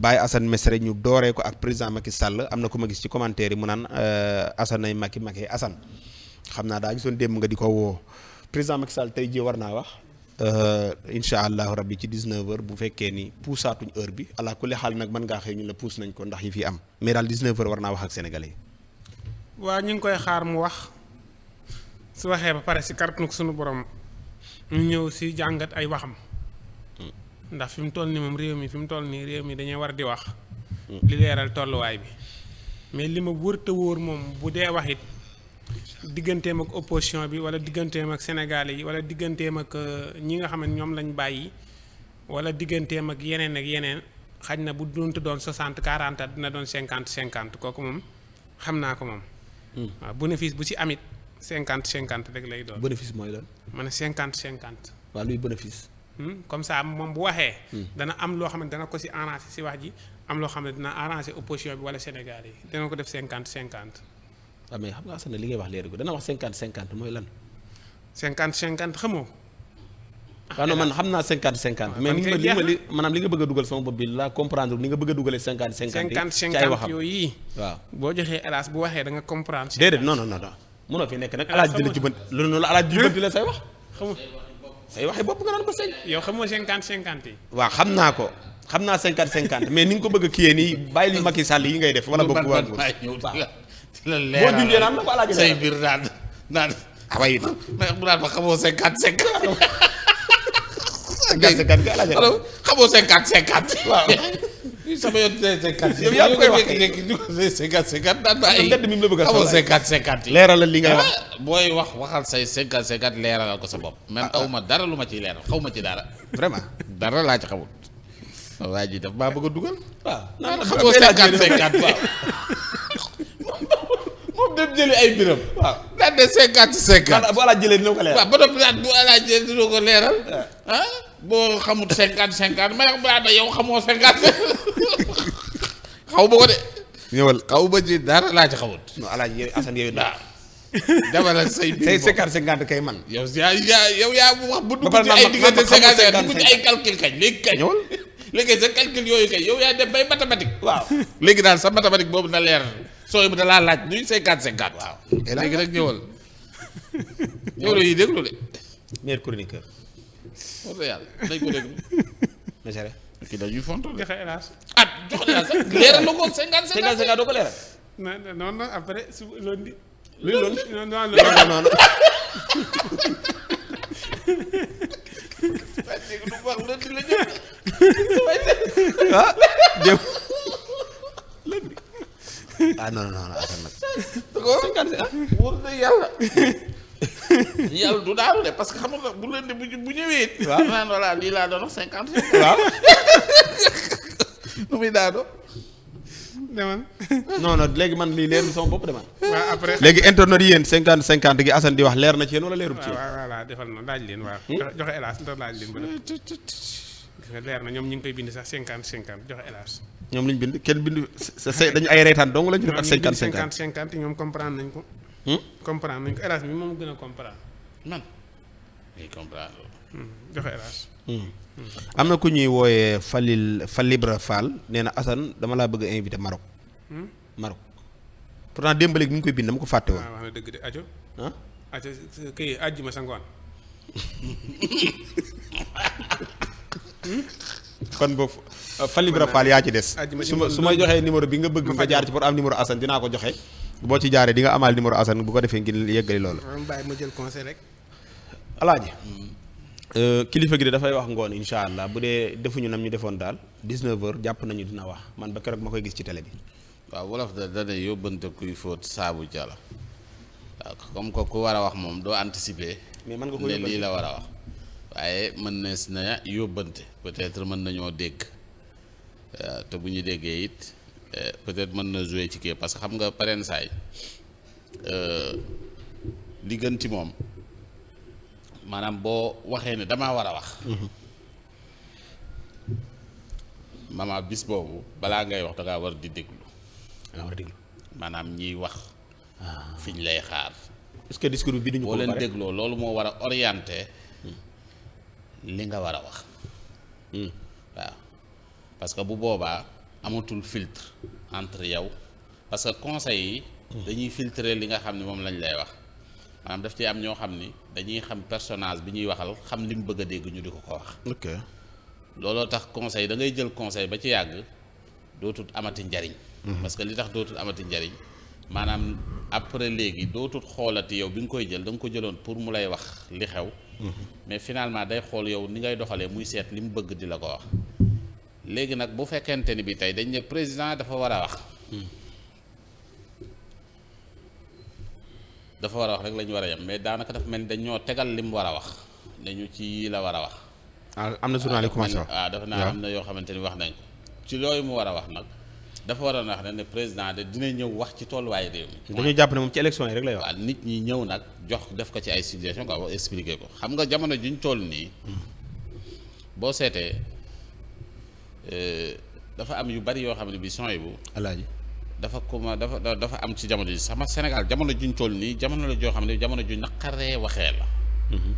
Baye Assane Mesre ñu dooree ko ak président Macky Sall am na ko ma gis ci commentaire yi mu naan euh, Assane ay Macky Macky Assane xam naa daa gisoon démb nga di ko woo président Macky Sall tey jii war naa wax. Euh, incha allahu rabbi ci 19h bu fekkee ni puusaatuñ heure bi ala kulli xaal nag mën ngaa xëy ñu la puus nañ ko ndax yi fi am mais daal 19h war naa wax ak sénégalais yi. waa ñu ngi koy xaar mu wax su waxee ba pare si kàrtu suñu borom ñu ñëw si jàngat ay waxam. ndax fi mu toll nii moom réew mi fi mu toll nii réew mi dañuy war di wax. Mm. li leeral tolluwaay bi. mais li ma wër te wóor moom bu dee wax it digganteem ak opposition bi wala digganteem ak Sénégal yi wala digganteem ak euh, ñi nga xam ne ñoom lañ bàyyi wala digganteem ak yeneen ak yeneen xaj na bu duntu doon 60 40 dina doon cinquante cinquante kooku moom xam naa ko moom. Mm. waaw bénéfice bu ci amit 50 50 rek lay doon. bénéfice mooy lan. ma ne 50 50. bénéfice. Hmm? comme ça moom bu waxee. Hmm. dana am loo xam ne dana ko si arrangé si wax ji am loo xam ne dina arrangé opposition bi wala Sénégal yi dana ko def cinquante cinquante. waaw ah, mais xam nga Assane li ngay wax léegi dana wax cinquante cinquante mooy lan. cinquante cinquante xamoo. waaw ah, non man xam naa cinquante cinquante. Ah, mais li nga li maanaam li nga bëgg a dugal sama bopp bi laa comprendre ni nga bëgg a dugalee cinquante cinquante. ci ay waxam yooyu. waaw boo joxee hélas waxee da nga comprendre. déedéet non non non non. munoo fi say waxi bopp nga doon ko sëñ. yow xamoo cinquante cinquante yi. waaw xam naa ko xam naa cinquante cinquante mais ni nga ko bëgg a kiyee nii bàyyi li Macky Sall yi ngay def. wala boog bu baax boo junjee naan la ko alaaji say biir naan naan. waaye it bu naan ma xamoo cinquante cinquante. cinquante cinquante xamoo cinquante cinquante waaw. sama yoon cinquante cinquante yow yaa ngi koy wax cinquante cinquante daan bëgg a xamoo cinquante cinquante yi leeralal li nga wax booy wax waxal say cinquante cinquante leeralal ko sa bopp man aw ma dara lu ma ci leeral xaw ma ci dara vraiment dara laa ci xamul waa ji bëgg a dugal waaw naan xamoo cinquante cinquante waaw moom dem jëli ay mbiram waaw daan ne cinquante cinquante bu alaa jëlee dina ko leeral waaw ba noppi daan bu alaa jëlee dina ko yow xamoo cinquante xaw ma ko de. ñëwal xaw ma ci dara laa ci xamut. non alaaji yow Assane yow daal. demal ak say say cinquante cinquante kay man. yow yaa yaa yow yaa wax bu dugg ci ay diggante cinquante cinquante dugg ci ay calcul kañ sa yow yaa dem bay mathématique. waaw léegi daal sa mathématique boobu na leer sooy bu da laa laaj nuy cinquante cinquante. waaw léegi nag ñëwal. ñëwal yi déglu de. meilleur chroniqueur. wax dëgg yàlla dañ ko déglu. kii dañuy font de. joxe hélas. ah jox la sax leeral la ko 50 50 doo ko leeral. non non non après su lundi. lundi ah, non non non non non. ah jëm. ah non non non affaire nag. d'accord wóor na yàlla. yàlla du daal de parce que xam nga bu leen di bu ñëwee. waaw naan voilà lii laa doon wax cinquante. waaw. muy daanoo. demal. non non léegi man lii leer na sama bopp demal. waaw après léegi internet yéen cinquante cinquante gi Assane di wax leer na ci yéen wala leerul ci yéen. waaw defal na laaj leen waaw. Hmm? joxe hélas ndax laaj leen ba def. leer na ñoom ñu ngi koy bind sax cinquante cinquante joxe hélas. ñoom lañ bind kenn bindu sa sa dañu ay reetaan dong lañu def ak cinquante cinquante ñoom comprendre nañ ko. Hmm? comprendre nañ ko hélas bi moom gën a comprendre man. Hmm. Hmm. am na ku ñuy wooyee Falil Falibra Fall nee na Assane dama laa bëgg a invité Maroc. Hmm? Maroc pourtant démb léegi mi ngi koy bind dama ko fàtte woon. Ah, wax na dëgg de ajo. ah ma sa ngoon. kon boobu Falibra Fall yaa ci des. su ma su ma joxee numéro bi nga bëgg nga jaar ci pour am numéro Assane dinaa ko joxe. boo ci jaaree di nga amaal numéro Assane bu ko defee ngir yeggali loolu. ma jël conseil rek. alaaji euh, kilifa gi de dafay wax ngoon incha allah bu dee defuñu nam ñu defoon daal 19h jàpp nañu dina wax man ba keroog ma koy gis ci télé bi. waaw wolof da da day yóbbante kuy fóot saabu jala waaw comme ko ku war a wax moom doo anticiper. mais mën nga ko lii la war a wax. waaye mën nees na yóbbante peut-être mën nañoo dégg euh, te bu ñu déggee it euh, peut-être mën na jouer ci kii parce que xam nga pareen saay li gën ci moom. maanaam boo waxee ne damaa war a wax mhm. mama bis boobu balaa ngay wax dangaa war di déglu maanaam ñiy wax ah. fiñ lay xaar est que discours bi duñu ko boo leen dégloo loolu moo war a orienté hmm. li nga war a wax hmm. waaw parce que bu boobaa amatul filtre entre yow parce que conseil yi hmm. dañuy filtrer li nga xam ne moom lañ lay wax maanaam daf ci am ñoo xam ni dañuy xam personnage bi ñuy waxal xam li mu bëgg a dégg ñu di ko ko wax. ok looloo tax conseil da ngay jël conseil ba ci yàgg dootul amati njariñ. Mhm. parce que li tax dootul amati njariñ maanaam après léegi dootul xoolati yow bi nga koy jël da ko jëloon pour mu lay wax li xew. Mhm. mais finalement day xool yow ni ngay doxalee muy seet li mu bëgg di la ko wax. léegi nag bu fekkente ni bi tey dañ ne président dafa war a wax. Hmm. dafa war a wax rek la ñu war a yem mais daanaka dafa mel ni dañ tegal li mu war a wax dañu ci la war a wax. Ah, am na journal yu commencé wax waaw ah, dafa naa am na yoo xamante ni wax nañ ko ci looyu mu war a wax nag dafa war a wax ne ne président de ñëw wax ci tolluwaayu réew mi. dañuy jàpp ne moom ci élection yi rek lay wax. waaw nit ñi ñëw nag jox def ko ci ay situation quoi wax expliquer ko xam nga jamono juñ toll nii boo seetee euh, dafa am yu bari yoo xam ne bi son yi bu alaaji dafa kuma dafa dafa am ci jamono ji sama Sénégal jamono juñ toll nii jamono la joo xam ne jamono ju naqaree waxee la. Mhm.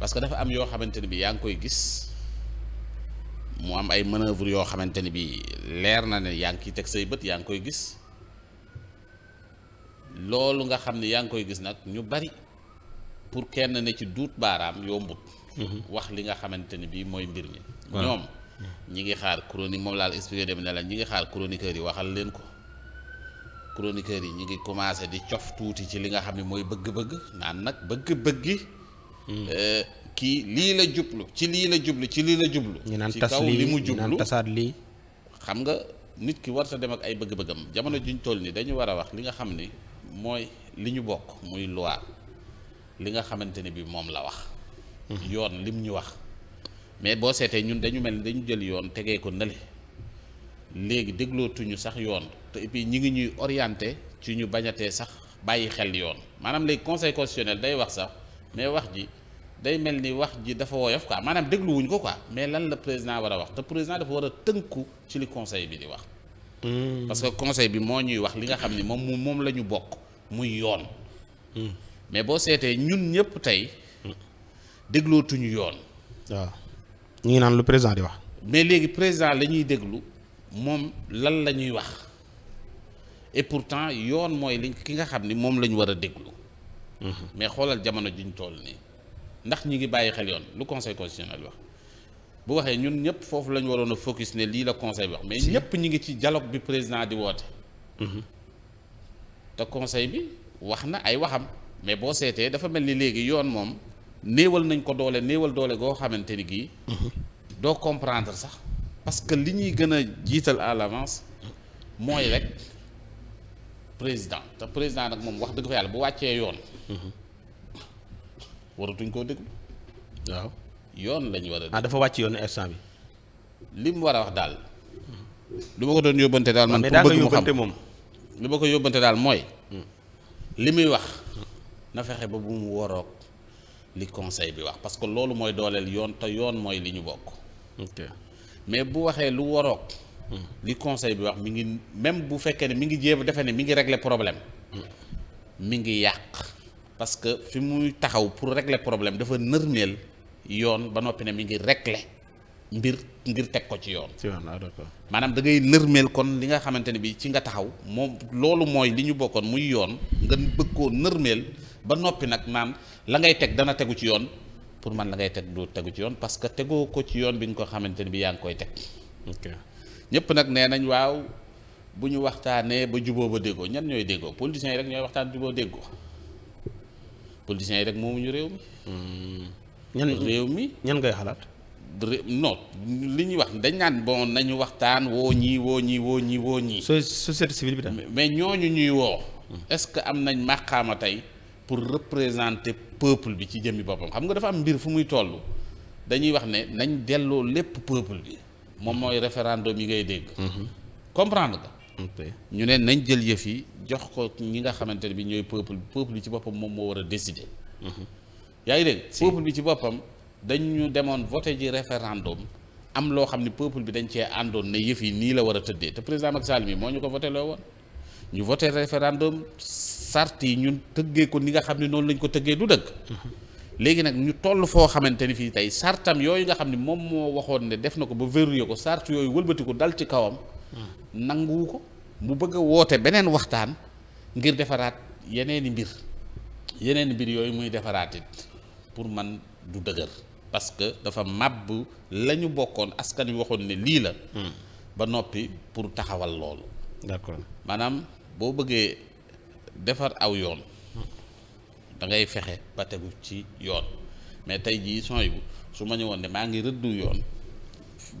parce que dafa am yoo xamante ne bi yaa ngi koy gis mu am ay manœuvre yoo xamante ne bi leer na ne yaa ngi kiy teg say bët yaa ngi koy gis loolu nga xam ne yaa ngi koy gis nag ñu bari pour kenn ne ci dut baaraam yombut. Mhm. wax li nga xamante ne bi mooy mbir mi. ñoom ñi ngi xaar chronique moom laa la expliqué dem ne la ñi ngi xaar chroniqueur yi waxal leen ko. chroniqueurs yi ñu ngi commencé di cof tuuti ci li nga xam ne mooy bëgg-bëgg naan nag bëgg-bëggi hmm. euh, kii lii la jublu ci lii la jublu ci lii la jublu ñu naan tas lii li mu jublu naan tasaat lii xam nga nit ki war sa dem ak ay bëgg-bëggam jamono juñ toll ni dañu war a wax li nga xam ni mooy li ñu bokk muy loi li nga xamante ni bi moom la wax hmm. yoon lim ñu wax mais boo seetee ñun dañu mel ni dañu jël yoon tegee ko ndële léegi déglootuñu sax yoon te et ñi ngi ñuy orienté ci ñu bañatee sax bàyyi xel yoon maanaam léegi conseil constitutionnel day wax sax mais wax ji day mel ni wax ji dafa woyof quoi maanaam dégluwuñ ko quoi mais lan la président war a wax te président dafa war a tënku ci li conseil bi di wax. Hmm. parce que conseil bi moo ñuy wax li nga xam ni moom moom la ñu bokk muy yoon. Hmm. mais boo seetee ñun ñëpp tey déglootuñu yoon. waaw ñu ngi naan lu président di wax. mais léegi président la ñuy déglu moom lan la ñuy wax. et pourtant yoon mooy li ki nga xam ni moom la ñu war a déglu. mais xoolal jamono juñ tool nii ndax ñi ngi bàyyi xel yoon lu conseil constitutionnel wax bu waxee ñun ñëpp foofu la ñu waroon a focus ne lii la conseil wax mais ñëpp ñi ngi ci dialogue bi président di woote. Mhm. te conseil bi wax na ay waxam mais boo seetee dafa mel ni léegi yoon moom néewal nañ ko doole néewal doole goo xamante ni gii. Mhm. doo comprendre sax parce que li ñuy gën a jiital à l'avance mooy rek. président te président nag moom wax dëgg fa yàlla bu wàccee yoon. waratuñ koo dëgg waaw yoon lañu war a. Ah dafa wàcc yoon instant bi. li mu war a wax daal. lu ma ko doon yóbbante daal man. pour bëgg mu xam moom. li ma ko yóbbante daal mooy. Hmm. li muy wax. na fexe ba bu mu woroog li conseil bi wax parce que loolu mooy dooleel yoon te yoon mooy li ñu bokk. mais bu waxee lu woroog. li conseil bi wax mi ngi même bu fekkee ne mi ngi jéem defe ne mi ngi regle problème mi ngi yàq parce que fi muy taxaw pour régler problème dafa nërmeel yoon ba noppi ne mi ngi régler mbir ngir teg ko ci yoon. ci yoon ah, maanaam da ngay nërmeel kon li nga xamante ne bii ci nga taxaw moom loolu mooy li ñu bokkoon muy yoon nga bëgg koo nërmeel ba noppi nag naan la ngay teg dana tegu ci yoon pour man la ngay teg du tegu ci yoon parce que tegoo ko ci yoon bi nga ko xamante ne bii yaa ngi koy teg. ok ñëpp nag nee nañ waaw bu ñu waxtaanee ba juboo ba déggoo ñan ñooy déggoo politiciens yi rek ñooy waxtaan juboo déggoo politiciens yi rek moomuñu réew réew mi ñan ngay xalaat. no li ñuy wax dañ naan bon nañu waxtaan woo ñii woo ñii woo ñii woo ñii. société civile bi tam. mais ñooñu ñuy woo. est-ce que am nañ màqaama tey pour représenter peuple bi ci jëmmi boppam xam nga dafa am mbir fu muy toll dañuy wax ne nañ delloo lépp peuple bi. moom mooy référendum yi ngay dégg. Mhm. comprendre nga. ñu ne nañ jël yëf yi jox ko ñi nga xamante ne bi ñooy peuple peuple bi ci boppam moom moo war a décider. Mhm. yaa ngi dégg. peuple bi ci boppam dañu demoon voté ji référendum am loo xam ni peuple bi dañ cee àndoon ne yëf yi nii la war a tëddee te président Macky Sall mi moo ñu ko voté loo woon ñu voté référendum sart yi ñun tëggee ko ni nga xam ne noonu lañ ko tëggee du dëkk léegi nag ñu toll foo xamante ni fii tey sartam yooyu nga xam ne moom moo waxoon ne def na ko ba verrouillé ko sart yooyu wëlbatiku dal ci kawam nanguwu ko mu bëgg woote beneen waxtaan ngir defaraat yeneeni mbir yeneen mbir yooyu muy defaraat it pour man du dëgër parce que dafa màbb la ñu bokkoon askan wi waxoon ne lii la hmm. ba noppi pour taxawal loolu maanaam boo bëggee defar aw yoon da ngay fexe ba tegu ci yoon mais tey jii sooy bu su ma ñëwoon ne maa ngi rëddu yoon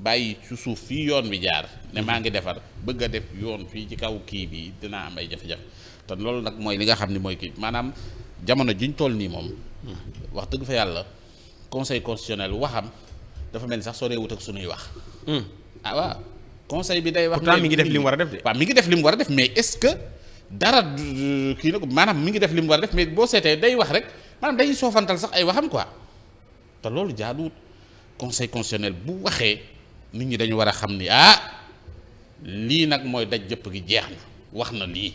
bàyyi ci suuf fii yoon bi jaar ne maa ngi defar bëgg a def yoon fii ci kaw kii bii dinaa am ay jafe-jafe te loolu nag mooy li nga xam ne mooy kii maanaam jamono juñ toll nii moom wax dëgg fa yàlla conseil constitutionnel waxam dafa mel ni sax soreewut ak suñuy wax hmm. ah waaw conseil bi day wax pourtant mi ngi def li mu a def de ngi def li mu war a def mais est-ce que dara kii na ko maanaam mi ngi def li mu war a def mais boo seetee day wax rek maanaam day soofantal sax ay waxam quoi te loolu jaaduwut conseil constitutionnel bu waxee nit ñi dañu war a xam ni ah lii nag mooy daj jëpp gi jeex na wax na lii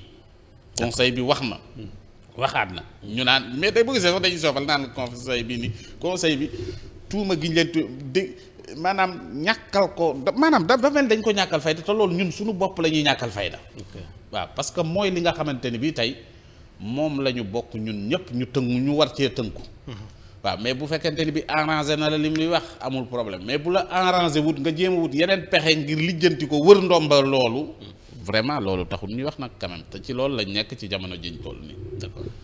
conseil bi wax na hmm. waxaat na ñu naan mais day bëgg sax dañuy soofal naan conseil bii ni conseil bi tuuma gi ñu leen tu maanaam ñàkkal ko maanaam da mel dañ ko ñàkkal fayda te loolu ñun suñu bopp la ñuy ñàkkal fayda waaw parce que mooy li nga xamante ni bii tey moom la ñu bokk ñun ñëpp ñu tënku ñu war cee tënku mhm. waaw mais bu fekkente ni bi arrangé na la lim li wax amul problème mais bu la arrangé wut nga jéem a wut yeneen pexe ngir lijjanti ko wër ndomba loolu mhm. vraiment loolu taxul ñuy wax nag quand te ci loolu lañ nekk ci jamono jëñ toll nii